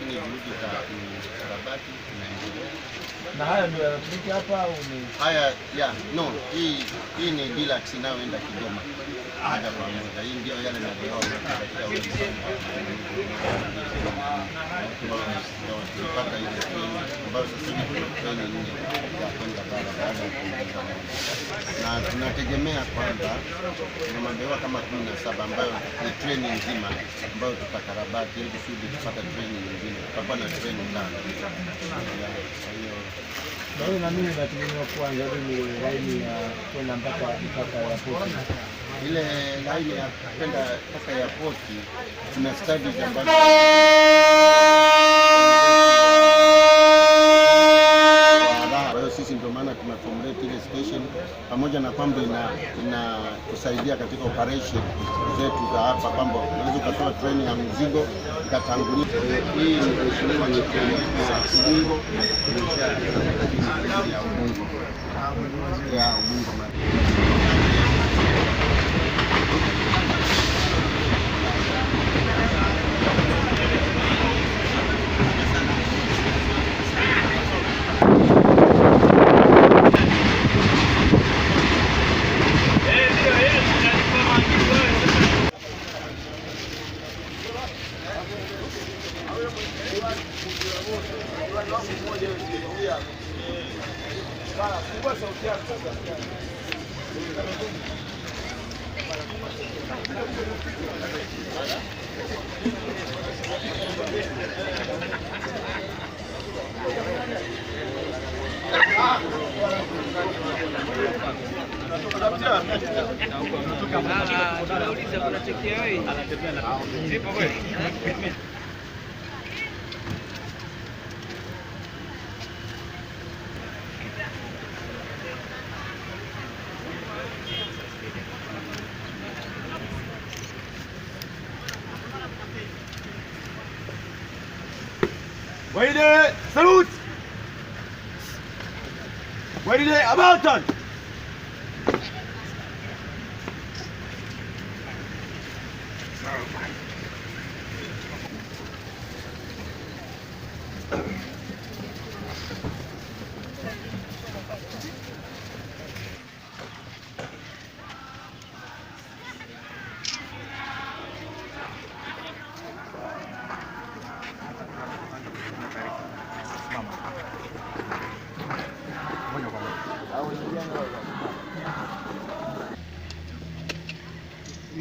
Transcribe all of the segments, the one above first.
给你 i dulu Na haya ndio yanatumika hapa au ni haya? Yeah, no, hii hii ni deluxe inayoenda Kigoma moja kwa moja. Hii ndio yale maeneo ile ambayo sasa hivi ya kwenda na tunategemea kwamba na mabehewa kama kumi na saba ambayo ni treni nzima ambayo tutakarabati ili kusudi tupata treni nyingine, tutakuwa na treni tano. Kwa hiyo bado na mimi nategemea kuanza ile laini ya kwenda mpaka mpaka ya poti, ile laini ya kwenda mpaka ya poti, tuna studies ambazo pamoja na kwamba inatusaidia ina katika operation zetu za hapa, kwamba unaweza ukatoa treni ya mzigo ikatangulia. Hii ni mheshimiwa ni treni ya Ubungo ya Ubungo ya Ubungo. tío y... A la tercera. Sí, pues Wait a Salute! Wait a About done!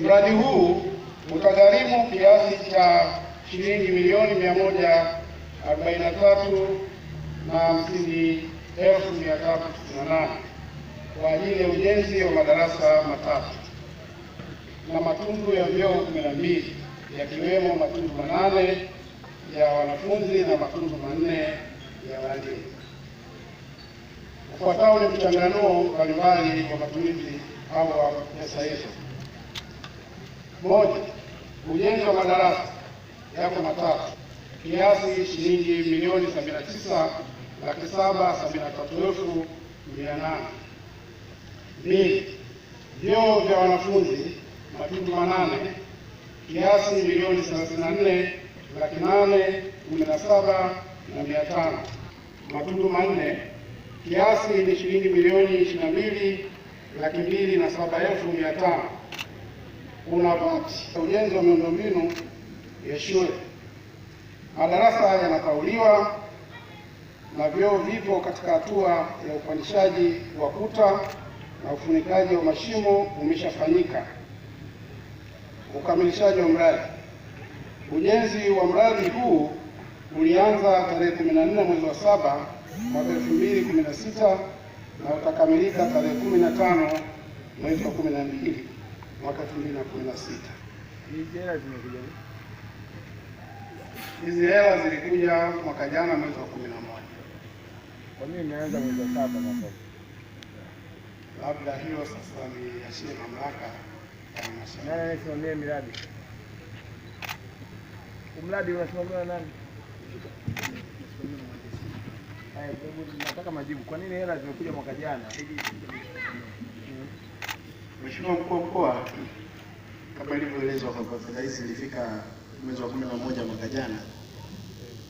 Mradi huu utagharimu kiasi cha shilingi milioni mia moja 43 na kwa ajili ya ujenzi wa madarasa matatu na matundu ya vyoo 12 yakiwemo matundu manane ya wanafunzi na matundu manne ya walimu. Ufuatao ni mchanganuo mbalimbali wa matumizi au wa pesa hizo. Moja, ujenzi wa madarasa yako matatu kiasi shilingi milioni 79 laki saba Mbili, vyoo vya wanafunzi matundu manane kiasi milioni 34 laki nane na Matundu manne kiasi ni shilingi milioni 22 laki mbili na saba elfu mia tano. Kuna bati ujenzi wa miundombinu ya shule Madarasa yanakauliwa na vyoo vipo katika hatua ya upandishaji wa kuta na ufunikaji wa mashimo umeshafanyika. Ukamilishaji wa mradi. Ujenzi wa mradi huu ulianza tarehe 14 mwezi wa saba mwaka 2016 na utakamilika tarehe 15 mwezi wa 12 mwaka 2016. Hizi hela zilikuja mwaka jana mwezi wa kumi na moja. Kwa nini imeanza mwezi wa saba mwaka? Labda hiyo sasa ni niachie mamlaka ya halmashauri. Nani anasimamia miradi? Umradi unasimamiwa na nani? Haya, nataka majibu. Kwa nini hela zimekuja mwaka jana? Mheshimiwa Mkuu wa Mkoa, kama ilivyoelezwa kwa Rais ilifika mwezi wa kumi na moja mwaka jana,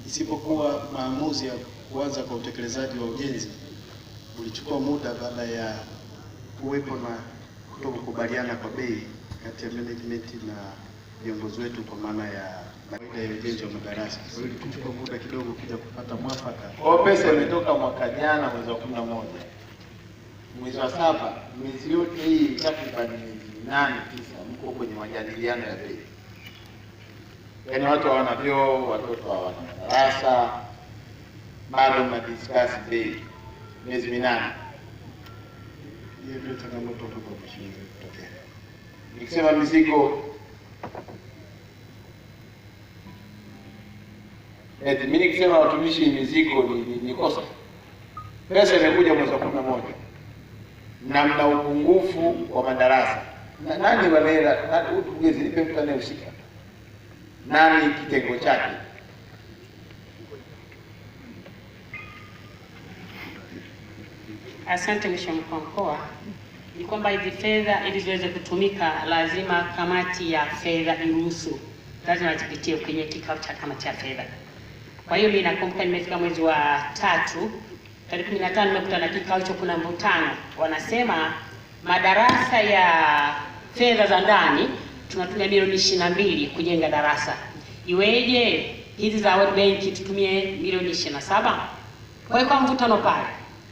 isipokuwa maamuzi ya kuanza kwa utekelezaji wa ujenzi ulichukua muda baada ya kuwepo na kutokukubaliana kwa bei kati ya management na viongozi wetu kwa maana ya baada ya ujenzi wa madarasa. Kwa hiyo ilichukua muda kidogo kuja kupata mwafaka. Kwa pesa imetoka mwaka jana mwezi wa kumi na moja mwezi wa saba, miezi yote hii takriban miezi nane tisa, mko kwenye majadiliano ya bei yaani watu hawana vyoo, watoto hawana madarasa bado na discuss bei miezi minane. Hiyo changamoto Nikisema mizigo eti mimi nikisema watumishi mizigo ni, ni, ni kosa. Pesa imekuja mwezi wa kumi na moja na mna upungufu wa madarasa nani wanela na, mtu anayehusika nani kitengo chake. Asante Mheshimiwa Mkuu wa Mkoa, ni kwamba hizi fedha ili ziweze kutumika lazima kamati ya fedha iruhusu, lazima zipitie kwenye kikao cha kamati ya fedha. Kwa hiyo mimi nakumbuka nimefika mwezi wa tatu tarehe kumi na tano nimekuta na kikao hicho, kuna mvutano, wanasema madarasa ya fedha za ndani tunatumia milioni ishirini na mbili kujenga darasa, iweje hizi za World Bank tutumie milioni ishirini na saba Kwa hiyo kwa mvutano pale,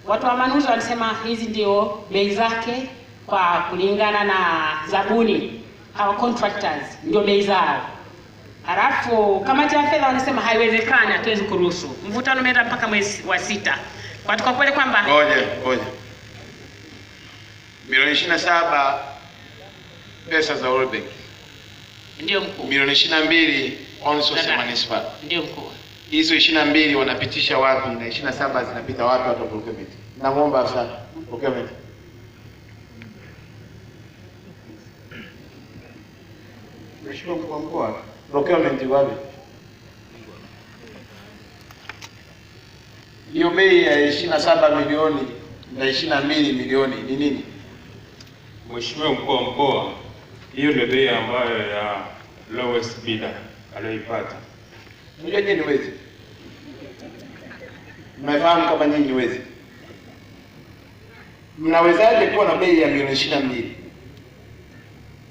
watu wa manunuzi walisema hizi ndio bei zake kwa kulingana na zabuni au contractors, ndio bei zao. Halafu kamati ya fedha walisema haiwezekani, hatuwezi kuruhusu. Mvutano umeenda mpaka mwezi wa sita. Kwa kweli kwamba ngoja ngoja, milioni ishirini na saba pesa za World Bank ndio mkuu. Milioni 22 on social municipal. Ndio mkuu. Hizo mbili wanapitisha wapi na saba zinapita wapi watu wa procurement? Namuomba afisa procurement. Mheshimiwa mkuu wa procurement wapi? Hiyo bei ya saba milioni na mbili milioni ni nini? Mheshimiwa mkuu wa mkoa hiyo ndio bei ambayo ya lowest bidder aliyoipata. Unajua nyinyi wezi, mmefahamu kwamba nyinyi wezi, mnawezaje kuwa na bei ya milioni ishirini na mbili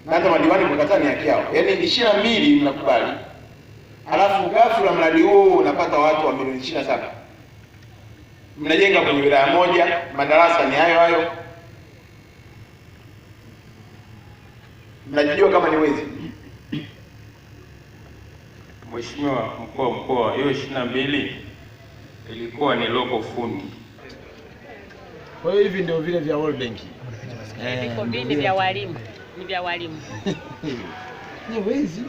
na hata madiwani kukataa ni haki yao? Yaani ishirini na mbili mnakubali, alafu ghafla mradi huu unapata watu wa milioni ishirini na saba mnajenga kwenye wilaya moja, madarasa ni hayo hayo mnajijua kama ni wezi. Mheshimiwa mkuu wa mkoa, hiyo ishirini na mbili ilikuwa ni loko fundi. Kwa hiyo hivi ndio vile vya World Bank eh, viko vya walimu, ni vya walimu ni wezi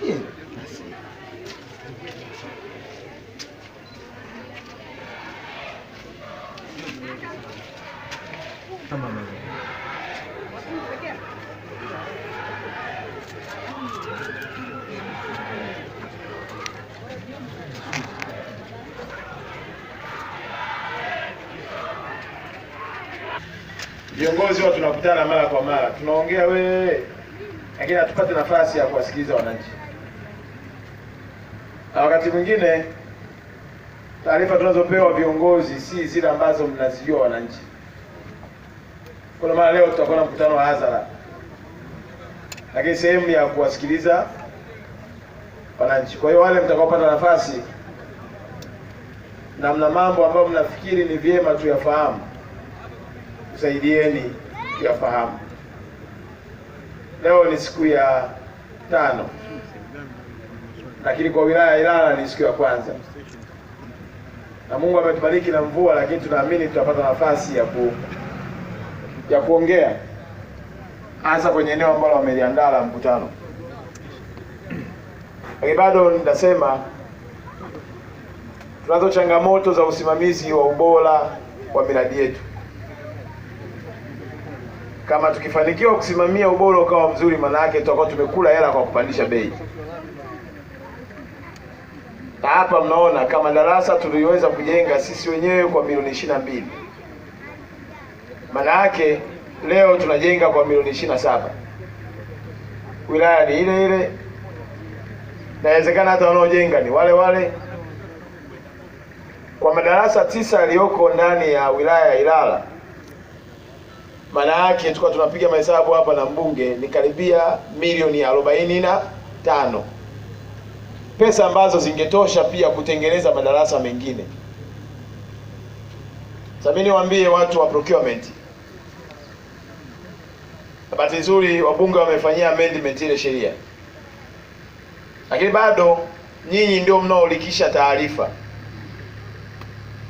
Viongozi huwa tunakutana mara kwa mara, tunaongea wewe, lakini hatupate nafasi ya kuwasikiliza wananchi, na wakati mwingine taarifa tunazopewa viongozi si zile ambazo mnazijua wananchi. Kuna mara leo tutakuwa na mkutano wa hadhara, lakini sehemu ya kuwasikiliza wananchi. Kwa hiyo wale mtakaopata nafasi na mna mambo ambayo mnafikiri ni vyema tuyafahamu tusaidieni kuyafahamu. Leo ni siku ya tano, lakini kwa wilaya ya Ilala ni siku ya kwanza, na Mungu ametubariki na mvua, lakini tunaamini tutapata nafasi ya ku, ya kuongea hasa kwenye eneo ambalo wameliandaa la mkutano. Lakini bado nitasema tunazo changamoto za usimamizi wa ubora wa miradi yetu. Kama tukifanikiwa kusimamia ubora ukawa mzuri, maana yake tutakuwa tumekula hela kwa kupandisha bei. Na hapa mnaona kama darasa tuliweza kujenga sisi wenyewe kwa milioni ishirini na mbili maana yake leo tunajenga kwa milioni ishirini na saba wilaya ni ile ile, nawezekana hata wanaojenga ni wale wale, kwa madarasa tisa yaliyoko ndani ya wilaya ya Ilala maana yake tulikuwa tunapiga mahesabu hapa na mbunge ni karibia milioni arobaini na tano pesa ambazo zingetosha pia kutengeneza madarasa mengine. Sasa mimi niwaambie watu wa procurement, bahati nzuri wabunge wamefanyia amendment ile sheria, lakini bado nyinyi ndio mnaolikisha taarifa.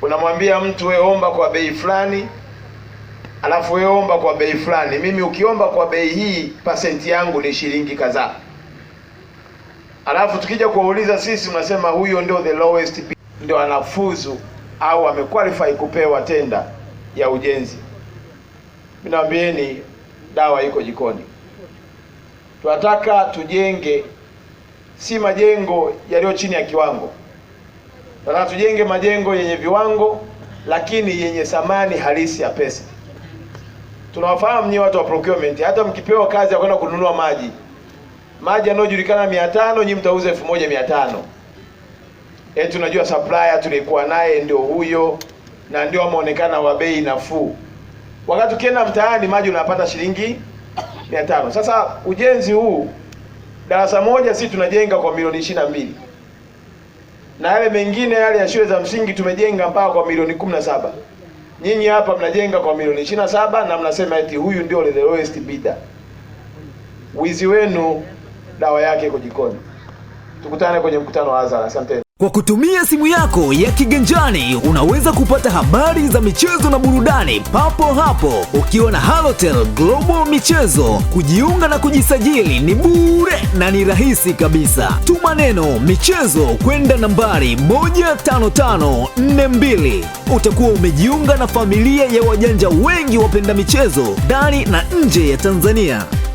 Unamwambia mtu we omba kwa bei fulani alafu wewe omba kwa bei fulani, mimi ukiomba kwa bei hii pasenti yangu ni shilingi kadhaa, alafu tukija kuwauliza sisi, unasema huyo ndio the lowest, ndio anafuzu au amequalify kupewa tenda ya ujenzi. Ninawaambieni, dawa iko jikoni. Tunataka tujenge si majengo yaliyo chini ya kiwango, tunataka tujenge majengo yenye viwango, lakini yenye thamani halisi ya pesa tunawafahamu nyie watu wa procurement. Hata mkipewa kazi ya kwenda kununua maji, maji yanayojulikana mia tano nyinyi mtauza elfu moja mia tano eh, tunajua supplier tulikuwa naye ndio huyo na ndio ameonekana wa bei nafuu, wakati ukienda mtaani maji unapata shilingi mia tano. Sasa ujenzi huu darasa moja si tunajenga kwa milioni ishirini na mbili na yale mengine yale ya shule za msingi tumejenga mpaka kwa milioni kumi na saba. Nyinyi hapa mnajenga kwa milioni ishirini na saba na mnasema eti huyu ndio the lowest bidder. Wizi wenu dawa yake iko jikoni. Tukutane kwenye mkutano wa hadhara. Asanteni. Kwa kutumia simu yako ya kiganjani unaweza kupata habari za michezo na burudani papo hapo ukiwa na Halotel Global Michezo. Kujiunga na kujisajili ni bure na ni rahisi kabisa. Tuma neno michezo kwenda nambari 15542 utakuwa umejiunga na familia ya wajanja wengi wapenda michezo ndani na nje ya Tanzania.